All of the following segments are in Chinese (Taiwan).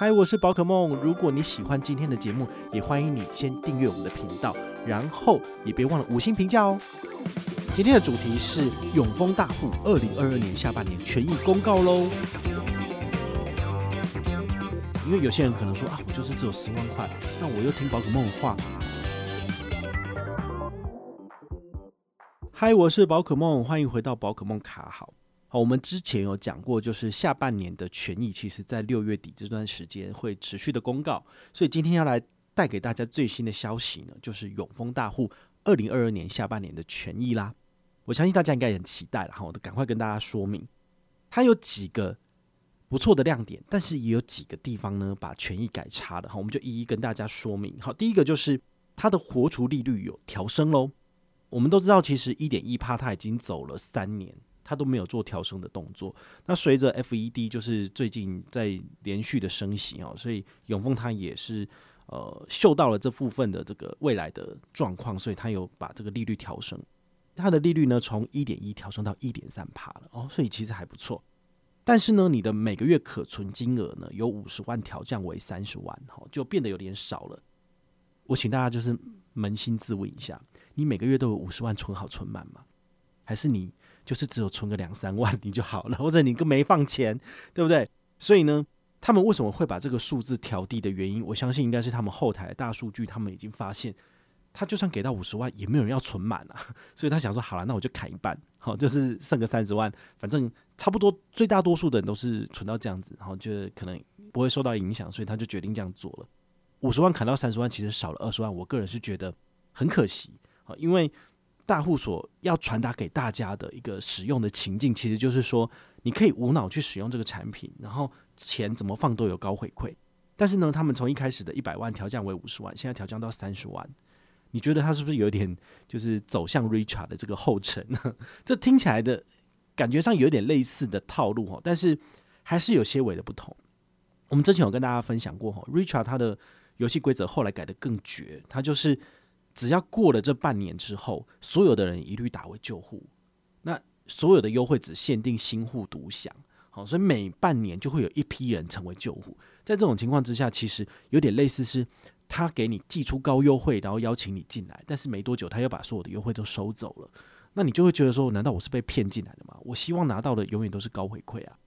嗨，Hi, 我是寶可孟。如果你喜歡今天的節目，也歡迎你先訂閱我們的頻道，然後也別忘了五星評價哦。今天的主題是永豐大戶二零二二年下半年權益公告嘍。因為有些人可能說啊，我就是只有十萬塊，那我又聽寶可孟的話。嗨，我是寶可孟，歡迎回到寶可孟卡好。好，我們之前有講過，就是下半年的權益，其實在六月底這段時間會持續的公告。所以今天要來帶給大家最新的消息呢，就是永豐大戶二零二二年下半年的權益啦。我相信大家應該也很期待，我都趕快跟大家說明，它有幾個不錯的亮點，但是也有幾個地方呢把權益改差了哈。我們就一一跟大家說明。好，第一個就是它的活儲利率有調升嘍。我們都知道，其實一點一趴它已經走了三年。他都沒有做調升的動作。那隨着 FED 就是最近在連續的升息啊、哦，所以永豐他也是呃嗅到了這部分的這個未來的狀況，所以他有把這個利率調升，他的利率呢從一點一調升到一點三趴了哦，所以其實還不錯。但是呢，你的每個月可存金額呢有五十萬調降為三十萬、哦，就變得有點少了。我請大家就是捫心自問一下，你每個月都有五十萬存好存滿嗎？還是你？就是只有存個兩三萬你就好了，或者你個沒放錢，對不對？所以呢，他們為什麼會把這個數字調低的原因，我相信應該是他們後台的大數據，他們已經發現，他就算給到五十萬，也沒有人要存滿了啊，所以他想說，好了，那我就砍一半，好，就是剩個三十萬，反正差不多，最大多數的人都是存到這樣子，然後就可能不會受到影響，所以他就決定這樣做了。五十萬砍到三十萬，其實少了二十萬，我個人是覺得很可惜啊，因為。大戶所要傳達給大家的一個使用的情境，其實就是說，你可以無腦去使用這個產品，然後錢怎麼放都有高回饋。但是呢，他們從一開始的一百萬調降為五十萬，現在調降到三十萬，你覺得他是不是有點就是走向 Richard 的這個後塵呢？ 這聽起來的感覺上有點類似的套路哦，但是還是有些微的不同。我們之前有跟大家分享過哦，Richard 他的遊戲規則後來改得更絕，他就是。只要過了這半年之後，所有的人一律打為舊戶，那所有的優惠只限定新戶獨享。好，所以每半年就會有一批人成為舊戶。在這種情況之下，其實有點類似是，他給你寄出高優惠，然後邀請你進來，但是沒多久他又把所有的優惠都收走了。那你就會覺得說，難道我是被騙進來的嗎？我希望拿到的永遠都是高回饋啊。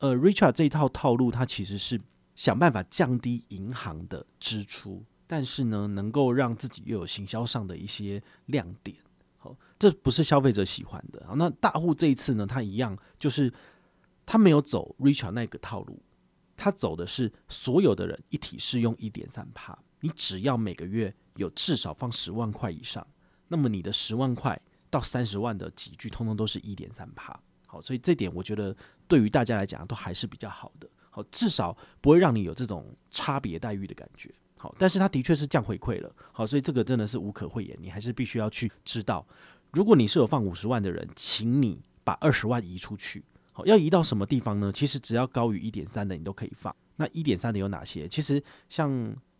呃，Richard 這一套套路，他其實是想辦法降低銀行的支出。但是呢，能夠讓自己又有行銷上的一些亮點，好，這不是消費者喜歡的。好，那大戶這一次呢，他一樣就是他沒有走 Richart 那個套路，他走的是所有的人一體適用一點三趴。你只要每個月有至少放十萬塊以上，那麼你的十萬塊到三十萬的級距，通通都是一點三趴。好，所以這點我覺得對於大家來講都還是比較好的。好，至少不會讓你有這種差別待遇的感覺。好，但是它的確是降回饋了，好，所以這個真的是無可諱言，你還是必須要去知道。如果你是有放五十萬的人，請你把二十萬移出去。好，要移到什麼地方呢？其實只要高於一點三的，你都可以放。那一點三的有哪些？其實像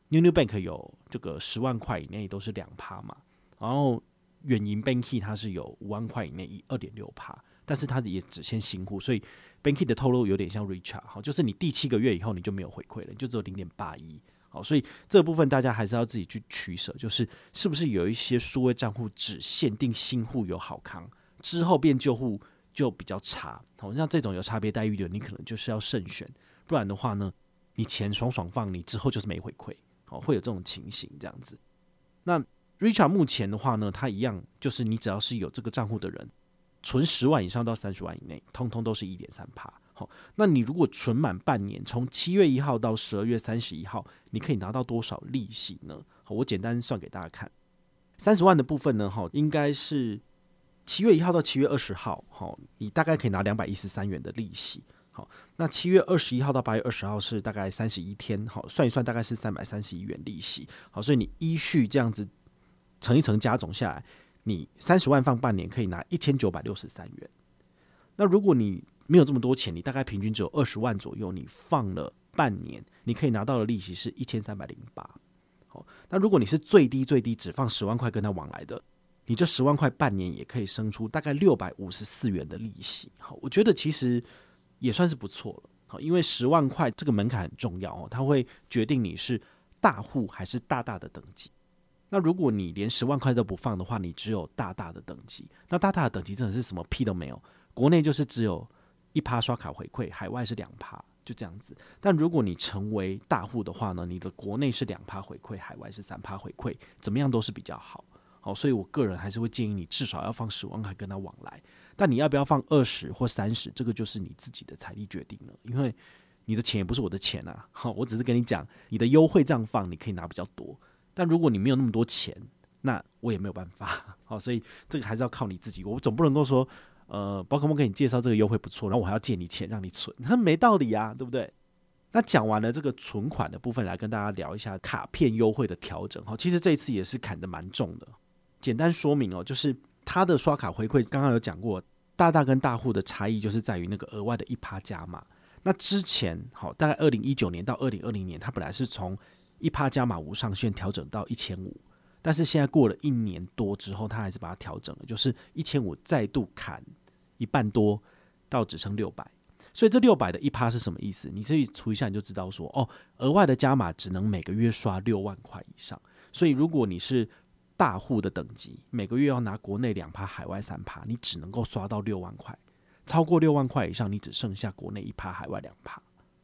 New New Bank 有這個十萬塊以內都是兩趴嘛，然後遠銀 Bankee 它是有五萬塊以內一二點六趴，但是它也只限新戶，所以 Bankee 的透露有點像 Richart，好，就是你第七個月以後你就沒有回饋了，你就只有零點八一。所以這個部分大家還是要自己去取捨，就是是不是有一些數位賬戶只限定新戶有好康，之後變舊戶就比較差。好、哦、像這種有差別待遇的，你可能就是要慎選，不然的話呢，你錢爽爽放你，你之後就是沒回饋，好、哦，會有這種情形這樣子。那 Richard 目前的話呢，他一樣就是你只要是有這個賬戶的人，存十萬以上到三十萬以內，通通都是一點三趴。那你如果存滿半年，從七月一號到十二月三十一號，你可以拿到多少利息呢？好，我簡單算給大家看，三十萬的部分呢，哈，應該是七月一號到七月二十號，好，你大概可以拿兩百一十三元的利息。好，那七月二十一號到八月二十號是大概三十一天，好，算一算大概是三百三十一元利息。好，所以你依序這樣子乘一乘，加總下來，你三十萬放半年可以拿一千九百六十三元。那如果你沒有這麼多錢，你大概平均只有二十萬左右，你放了半年，你可以拿到的利息是一千三百零八。好，那如果你是最低最低只放十萬塊跟他往來的，你這十萬塊半年也可以生出大概六百五十四元的利息。好，我覺得其實也算是不錯了。好，因為十萬塊這個門檻很重要哦，它會決定你是大戶還是大大的等級。那如果你連十萬塊都不放的話，你只有大大的等級。那大大的等級真的是什麼屁都沒有，國內就是只有。一趴刷卡回饋，海外是兩趴，就這樣子。但如果你成為大戶的話呢，你的國內是兩趴回饋，海外是三趴回饋，怎麼樣都是比較好。好，所以我個人還是會建議你至少要放十萬塊跟他往來。但你要不要放二十或三十，這個就是你自己的財力決定了，因為你的錢也不是我的錢啊。好，我只是跟你講，你的優惠這樣放，你可以拿比較多。但如果你沒有那麼多錢，那我也沒有辦法。好，所以這個還是要靠你自己。我總不能夠說。呃，寶可孟給你介紹這個優惠不錯，然後我還要借你錢讓你存，他沒道理啊，對不對？那講完了這個存款的部分，來跟大家聊一下卡片優惠的調整，其實這一次也是砍得蠻重的。簡單說明哦，就是他的刷卡回饋剛剛有講過，大大跟大戶的差異就是在於那個額外的一趴加碼。那之前好，大概二零一九年到二零二零年，他本來是從一趴加碼無上限調整到一千五，但是現在過了一年多之後，他還是把它調整了，就是一千五再度砍。一半多到只剩六百，所以這六百的一趴是什麼意思？你自己除一下你就知道說，說哦，額外的加碼只能每個月刷六萬塊以上。所以如果你是大戶的等級，每個月要拿國內兩趴，海外三趴，你只能夠刷到六萬塊，超過六萬塊以上，你只剩下國內一趴，海外兩趴。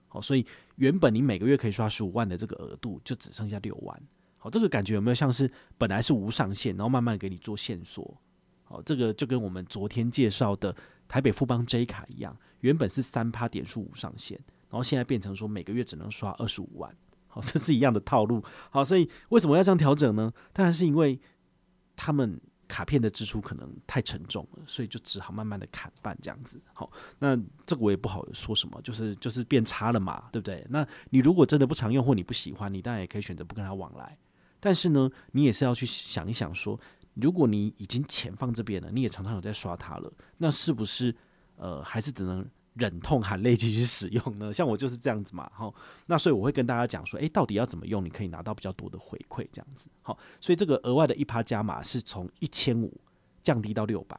好，所以原本你每個月可以刷十五萬的這個額度，就只剩下六萬。好，這個感覺有沒有像是本來是無上限，然後慢慢給你做限縮？好，這個就跟我們昨天介紹的台北富邦 J 卡一樣，原本是三趴點數五上限，然後現在變成說每個月只能刷二十五萬，好，這是一樣的套路。好，所以為什麼要這樣調整呢？當然是因為他們卡片的支出可能太沉重了，所以就只好慢慢的砍半這樣子。好，那這個我也不好說什麼，就是就是變差了嘛，對不對？那你如果真的不常用或你不喜歡，你當然也可以選擇不跟他往來。但是呢，你也是要去想一想說。如果你已經錢放這邊了，你也常常有在刷它了，那是不是呃還是只能忍痛含淚繼續使用呢？像我就是這樣子嘛，好，那所以我會跟大家講說，哎、欸，到底要怎麼用，你可以拿到比較多的回饋，這樣子好。所以這個額外的一趴加碼是從一千五降低到六百。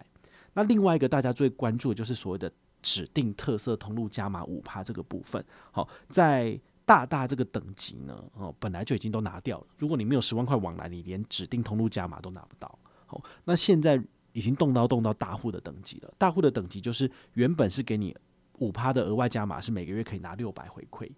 那另外一個大家最關注的就是所謂的指定特色通路加碼五趴這個部分，好，在大大這個等級呢，哦，本來就已經都拿掉了。如果你沒有十萬塊往來，你連指定通路加碼都拿不到。好，那現在已經動刀動到大戶的等級了。大戶的等級就是原本是給你五趴的額外加碼，是每個月可以拿六百回饋，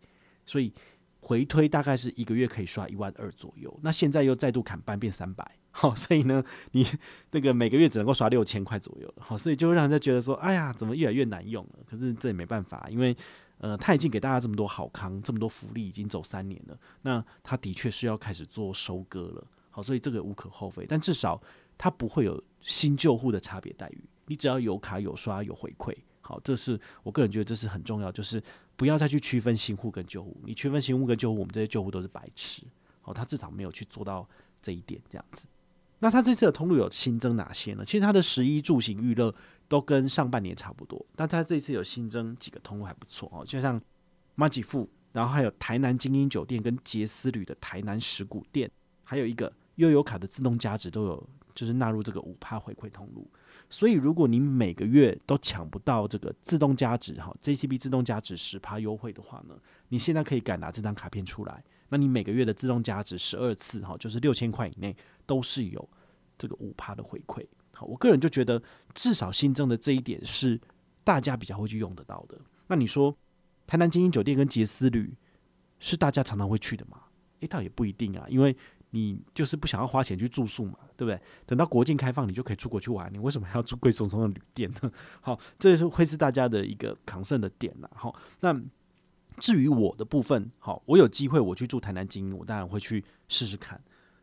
所以回推大概是一個月可以刷一萬二左右。那現在又再度砍半變三百，好，所以呢，你那個每個月只能夠刷六千塊左右，好，所以就讓人家覺得說，哎呀，怎麼越來越難用了？可是這也沒辦法，因為呃，他已經給大家這麼多好康，這麼多福利，已經走三年了，那他的確是要開始做收割了。好，所以這個無可厚非，但至少。它不會有新舊戶的差別待遇，你只要有卡有刷有回饋，好，這是我個人覺得這是很重要，就是不要再去區分新戶跟舊戶。你區分新戶跟舊戶，我們這些舊戶都是白痴，好，他至少沒有去做到這一點，這樣子。那他這次的通路有新增哪些呢？其實他的食衣住行娛樂都跟上半年差不多，但他這次有新增幾個通路還不錯，哦，就像馬吉富，然後還有台南精英酒店跟傑斯旅的台南石鼓店，還有一個悠遊卡的自動加值都有。就是納入這個五趴回饋通路，所以如果你每個月都搶不到這個自動加值哈，JCB 自動加值十趴優惠的話呢，你現在可以改拿這張卡片出來，那你每個月的自動加值十二次哈，就是六千塊以內都是有這個五趴的回饋。好，我個人就覺得至少新增的這一點是大家比較會去用得到的。那你說台南精英酒店跟杰斯旅是大家常常會去的嗎？哎、欸，倒也不一定啊，因為。你就是不想要花錢去住宿嘛，對不對？等到國境開放，你就可以出國去玩，你為什麼還要住貴松松的旅店呢？好，這是會是大家的一個抗勝的點啦。好，那至於我的部分，好，我有機會我去住台南晶英，我當然會去試試看。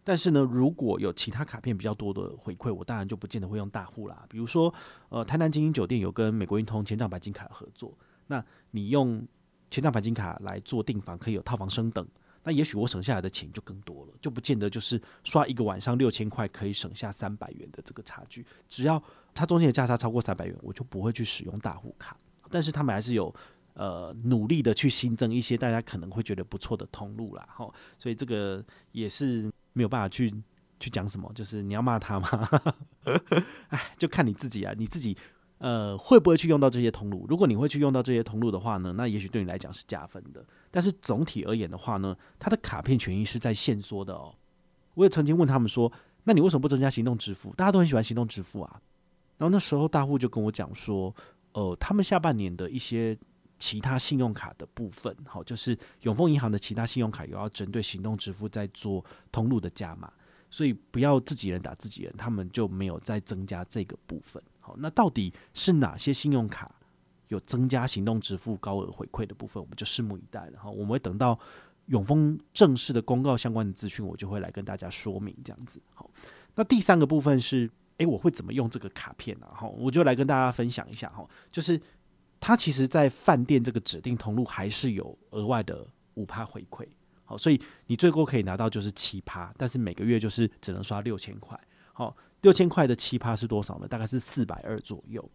但是呢，如果有其他卡片比較多的回饋，我當然就不見得會用大戶啦。比如說，呃，台南晶英酒店有跟美國運通簽帳白金卡合作，那你用簽帳白金卡來做訂房，可以有套房升等。那也許我省下來的錢就更多了，就不見得就是刷一個晚上六千塊可以省下三百元的這個差距。只要它中間的價差超過三百元，我就不會去使用大戶卡。但是他們還是有呃努力的去新增一些大家可能會覺得不錯的通路啦。哈。所以這個也是沒有辦法去去講什麼，就是你要罵他嗎？哎， 就看你自己啊，你自己呃會不會去用到這些通路？如果你會去用到這些通路的話呢，那也許對你來講是加分的。但是總體而言的話呢，他的卡片權益是在限縮的哦。我也曾經問他們說，那你為什麼不增加行動支付？大家都很喜歡行動支付啊。然後那時候大戶就跟我講說，呃，他們下半年的一些其他信用卡的部分，好、哦，就是永豐銀行的其他信用卡又要針對行動支付在做通路的加碼，所以不要自己人打自己人，他們就沒有再增加這個部分。好、哦，那到底是哪些信用卡？有增加行動支付高額回饋的部分，我們就拭目以待。然後，我們會等到永豐正式的公告相關的資訊，我就會來跟大家說明。這樣子，好。那第三個部分是，誒、欸，我會怎麼用這個卡片呢？哈，我就來跟大家分享一下哈。就是它其實在飯店這個指定通路還是有額外的五趴回饋，好，所以你最多可以拿到就是七趴，但是每個月就是只能刷六千塊。好，六千塊的七趴是多少呢？大概是四百二左右。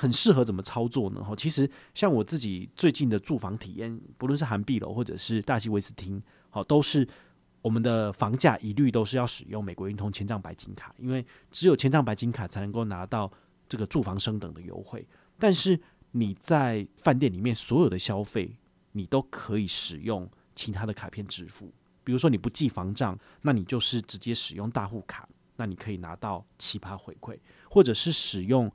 很適合怎麼操作呢？其實像我自己最近的住房體驗，不論是涵碧樓或者是大西威斯汀，好，都是我們的房價一律都是要使用美國運通簽帳白金卡，因為只有簽帳白金卡才能夠拿到這個住房升等的優惠。但是你在飯店裡面所有的消費，你都可以使用其他的卡片支付，比如說你不記房賬，那你就是直接使用大戶卡，那你可以拿到七趴回饋，或者是使用。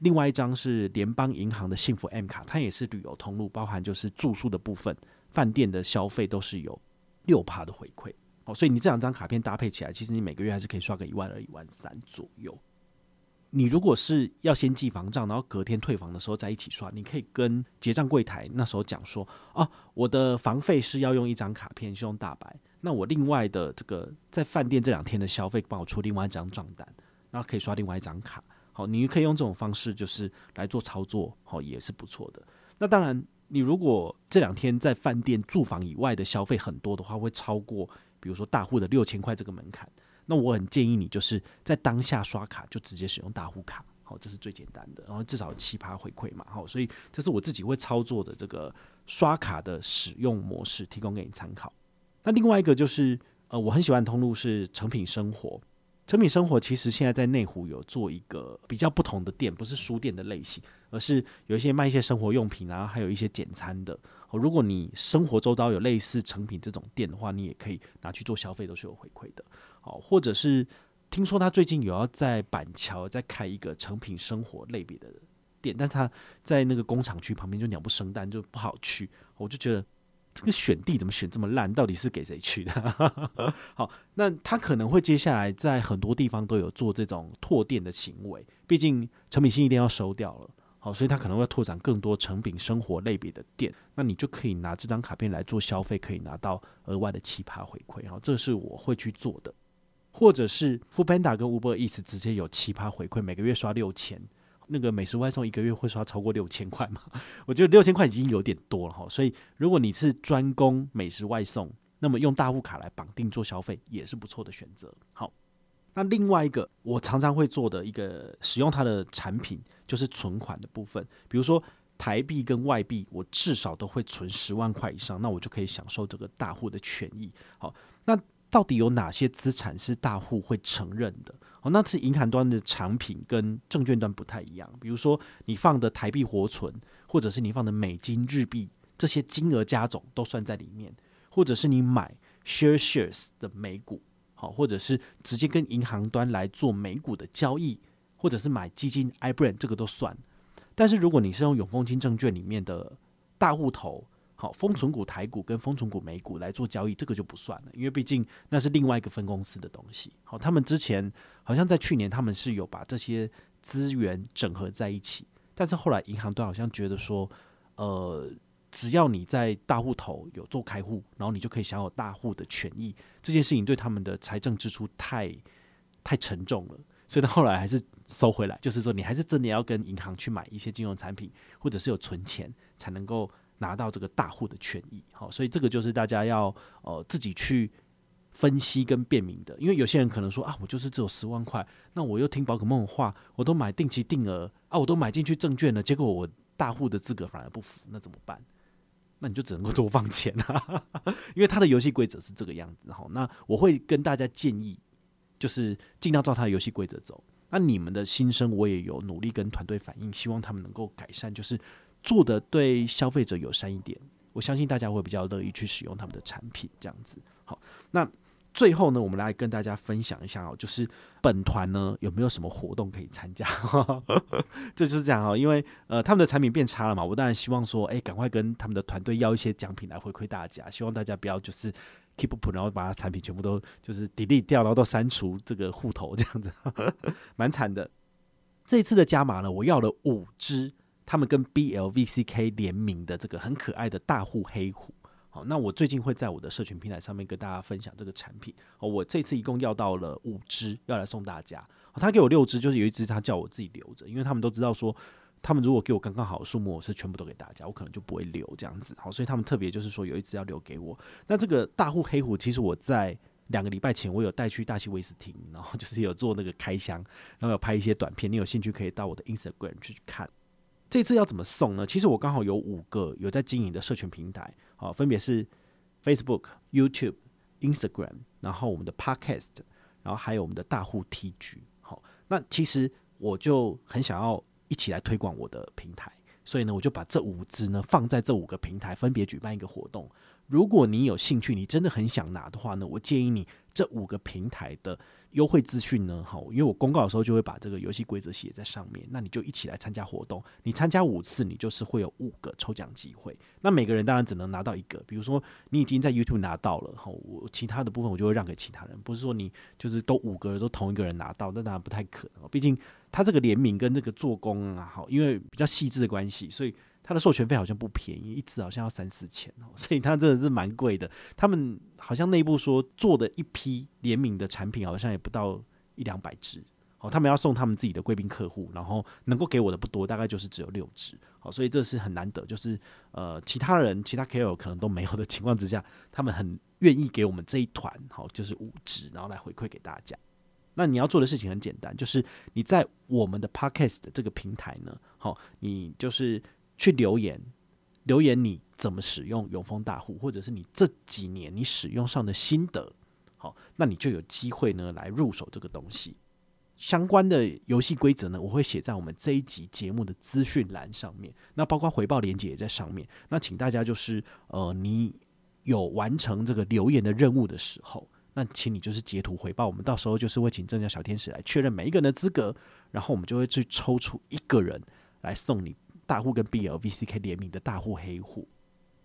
另外一張是聯邦銀行的幸福 M 卡，它也是旅遊通路，包含就是住宿的部分，飯店的消費都是有六趴的回饋。哦，所以你這兩張卡片搭配起來，其實你每個月還是可以刷個一萬二、一萬三左右。你如果是要先記房賬，然後隔天退房的時候再一起刷，你可以跟結賬櫃台那時候講說：哦、啊，我的房費是要用一張卡片，就用大白，那我另外的這個在飯店這兩天的消費，幫我出另外一張賬單，然後可以刷另外一張卡。好，你可以用這種方式就是來做操作，好，也是不錯的。那當然，你如果這兩天在飯店、住房以外的消費很多的話，會超過比如說大戶的六千塊這個門檻，那我很建議你就是在當下刷卡就直接使用大戶卡，好，這是最簡單的，然後至少有7%回饋嘛，好，所以這是我自己會操作的這個刷卡的使用模式，提供給你參考。那另外一個就是，呃，我很喜歡通路是誠品生活。成品生活其實現在在內湖有做一個比較不同的店，不是書店的類型，而是有一些賣一些生活用品，然後還有一些簡餐的。哦，如果你生活周遭有類似誠品這種店的話，你也可以拿去做消費，都是有回饋的。哦，或者是聽說他最近有要在板橋再開一個誠品生活類別的店，但是他在那個工廠區旁邊就鳥不生蛋，就不好去。我就覺得。這個選點怎麼選這麼爛？到底是給誰去的？ 好，那他可能會接下來在很多地方都有做這種拓店的行為。畢竟誠品信義店要收掉了，好，所以他可能會拓展更多誠品生活類別的店。那你就可以拿這張卡片來做消費，可以拿到額外的七趴回饋。然、哦、後這是我會去做的，或者是 Foodpanda 跟 Uber Eats 直接有七趴回饋，每個月刷六千。那個美食外送一個月會刷超過六千塊嗎？我覺得六千塊已經有點多了哈，所以如果你是專攻美食外送，那麼用大戶卡來綁定做消費也是不錯的選擇。好，那另外一個我常常會做的一個使用它的產品就是存款的部分，比如說台幣跟外幣，我至少都會存十萬塊以上，那我就可以享受這個大戶的權益。好，那。到底有哪些資產是大戶會承認的？哦，那是銀行端的產品跟證券端不太一樣。比如說你放的台幣活存，或者是你放的美金、日幣，這些金額加總都算在裡面；或者是你買 share shares 的美股，好，或者是直接跟銀行端來做美股的交易，或者是買基金、iBrand 這個都算。但是如果你是用永豐金證券裡面的大戶頭。豐存股台股跟豐存股美股來做交易，這個就不算了，因為畢竟那是另外一個分公司的東西。好，他們之前好像在去年，他們是有把這些資源整合在一起，但是後來銀行都好像覺得說，呃，只要你在大戶頭有做開戶，然後你就可以享有大戶的權益，這件事情對他們的財政支出太太沉重了，所以到後來還是收回來。就是說，你還是真的要跟銀行去買一些金融產品，或者是有存錢才能夠。拿到這個大戶的權益，好，所以這個就是大家要呃自己去分析跟辨明的。因為有些人可能說啊，我就是只有十萬塊，那我又聽寶可孟的話，我都買定期定額啊，我都買進去證券了，結果我大戶的資格反而不符，那怎麼辦？那你就只能夠多放錢啊，因為他的遊戲規則是這個樣子。好，那我會跟大家建議，就是儘量照他的遊戲規則走。那你們的心聲我也有努力跟團隊反映，希望他們能夠改善，就是。做的對消費者友善一點，我相信大家會比較樂意去使用他們的產品，這樣子。好，那最後呢，我們來跟大家分享一下，哦，就是本團呢有沒有什麼活動可以參加？ 這就是這樣哦，因為呃，他們的產品變差了嘛，我當然希望說，誒、欸，趕快跟他們的團隊要一些獎品來回饋大家，希望大家不要就是 keep up，然後把他產品全部都就是 delete 掉，然後都刪除這個戶頭，這樣子，蠻 慘的。這一次的加碼呢，我要了五支。他們跟 BLVCK 聯名的這個很可愛的大戶黑虎，好，那我最近會在我的社群平台上面跟大家分享這個產品。好，我這次一共要到了五隻，要來送大家。他給我六隻，就是有一隻他叫我自己留着，因為他們都知道說，他們如果給我剛剛好的數目，我是全部都給大家，我可能就不會留，這樣子。好，所以他們特別就是說有一隻要留給我。那這個大戶黑虎，其實我在兩個禮拜前我有帶去大溪威斯汀，然後就是有做那個開箱，然後有拍一些短片。你有興趣可以到我的 Instagram 去看。這次要怎麼送呢？其實我剛好有五個有在經營的社群平台，好、哦，分別是 Facebook、YouTube、Instagram，然後我們的 Podcast，然後還有我們的大戶 TG，好、哦，那其實我就很想要一起來推廣我的平台，所以呢，我就把這五支呢，放在這五個平台分別舉辦一個活動。如果你有興趣，你真的很想拿的話呢，我建議你這五個平台的優惠資訊呢，好，因為我公告的時候就會把這個遊戲規則寫在上面，那你就一起來參加活動。你參加五次，你就是會有五個抽獎機會。那每個人當然只能拿到一個。比如說你已經在 YouTube 拿到了，好，我其他的部分我就會讓給其他人。不是說你就是都五個人，都同一個人拿到，那當然不太可能。畢竟它這個聯名跟這個做工啊，好，因為比較細緻的關係，所以。他的授權費好像不便宜，一支好像要三四千哦，所以他真的是蠻貴的。他們好像內部說做的一批聯名的產品好像也不到一兩百支，好，他們要送他們自己的貴賓客戶，然後能夠給我的不多，大概就是只有六支，好，所以這是很難得，就是呃，其他人其他 KOL 可能都沒有的情況之下，他們很願意給我們這一團，好，就是五支，然後來回饋給大家。那你要做的事情很簡單，就是你在我們的 Podcast 這個平台呢，好，你就是。去留言，留言你怎麼使用永豐大戶，或者是你這幾年你使用上的心得，好，那你就有機會呢來入手這個東西。相關的遊戲規則呢，我會寫在我們這一集節目的資訊欄上面，那包括回報連結也在上面。那請大家就是，呃，你有完成這個留言的任務的時候，那請你就是截圖回報，我們到時候就是會請正向小天使來確認每一個人的資格，然後我們就會去抽出一個人來送你。大戶跟 BLVCK 聯名的大戶黑虎，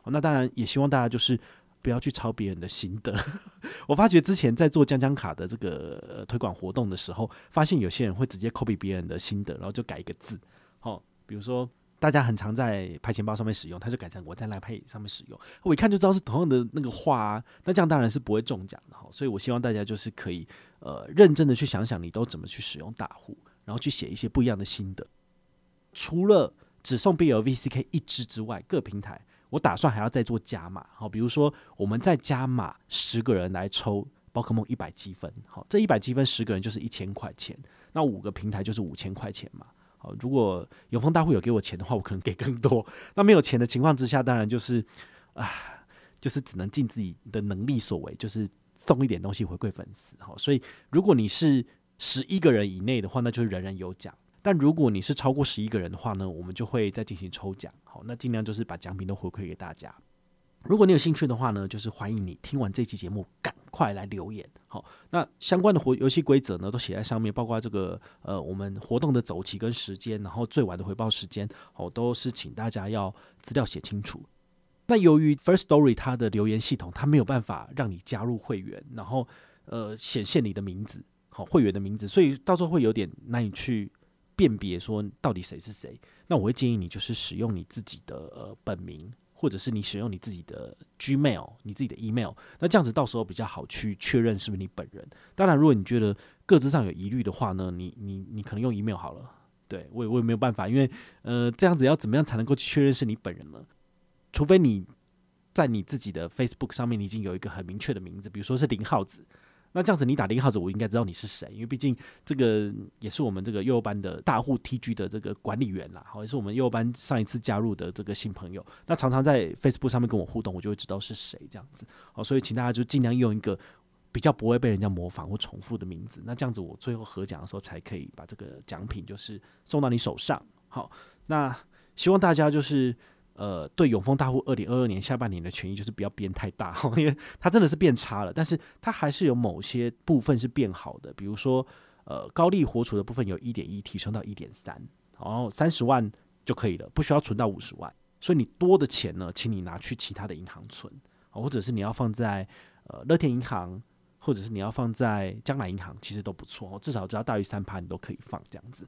那當然也希望大家就是不要去抄別人的心得。 我發覺之前在做江江卡的這個推廣活動的時候，發現有些人會直接 copy 別人的心得，然後就改一個字。哦，比如說大家很常在拍錢包上面使用，他就改成我在 LINE Pay 上面使用。我一看就知道是同樣的那個話啊，那這樣當然是不會中獎的哈。所以，我希望大家就是可以呃認真的去想想，你都怎麼去使用大戶，然後去寫一些不一樣的心得。除了只送 BLVCK 一支之外，各平台我打算還要再做加碼，好，比如說我們再加碼十個人來抽寶可孟一百積分，好，這一百積分十個人就是一千塊錢，那五個平台就是五千塊錢嘛，好，如果永豐大戶有給我錢的話，我可能給更多。那沒有錢的情況之下，當然就是啊，就是只能盡自己的能力所為，就是送一點東西回饋粉絲，好，所以如果你是十一個人以內的話，那就是人人有獎。但如果你是超過十一個人的話呢，我們就會再進行抽獎。好，那盡量就是把獎品都回饋給大家。如果你有興趣的話呢，就是歡迎你聽完這期節目，趕快來留言。好，那相關的活遊戲規則呢，都寫在上面，包括這個呃，我們活動的走期跟時間，然後最晚的回報時間，好，哦，都是請大家要資料寫清楚。那由於 First Story 它的留言系統，它沒有辦法讓你加入會員，然後呃顯現你的名字，好會員的名字，所以到時候會有點難以去。辨別說到底誰是誰，那我會建議你就是使用你自己的、呃、本名，或者是你使用你自己的 Gmail、你自己的 email，那這樣子到時候比較好去確認是不是你本人。當然，如果你覺得個資上有疑慮的話呢，你你你可能用 email 好了。對我，我也沒有辦法，因為呃，這樣子要怎麼樣才能夠確認是你本人呢？除非你在你自己的 Facebook 上面，你已經有一個很明確的名字，比如說是林浩子。那這樣子，你打個號子，我應該知道你是誰，因為畢竟這個也是我們這個幼幼班的大戶 TG 的這個管理員啦，好，也是我們幼幼班上一次加入的這個新朋友，那常常在 Facebook 上面跟我互動，我就會知道是誰這樣子，好，所以請大家就盡量用一個比較不會被人家模仿或重複的名字，那這樣子我最後合獎的時候才可以把這個獎品就是送到你手上，好，那希望大家就是。呃，對永豐大戶2022年下半年的權益就是不要變太大，因為它真的是變差了，但是它還是有某些部分是變好的，比如說呃高利活儲的部分由1.1提升到1.3，然後三十萬就可以了，不需要存到五十萬，所以你多的錢呢，請你拿去其他的銀行存，或者是你要放在呃樂天銀行，或者是你要放在將來銀行，其實都不錯，至少只要大於三趴你都可以放這樣子。